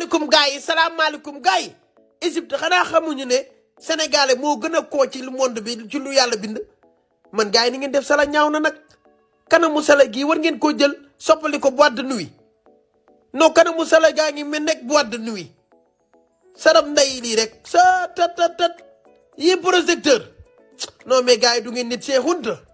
salaamaaleykum gaa yi salaamaaleykum gaa yi Égypte xanaa xamuñu ne sénégalais moo gën a koo ci monde bi ci lu yàlla bind man gaa yi ni ngeen def sala ñaaw na nag kanamu sala gii war ngeen koo jël soppali bu boîte de nuit non kanamu sala gaa ngi mel nekk boîte de nuit sarab nday lii rek sa tat tat tat yi projecteur non gaa yi du ngeen nit see xunta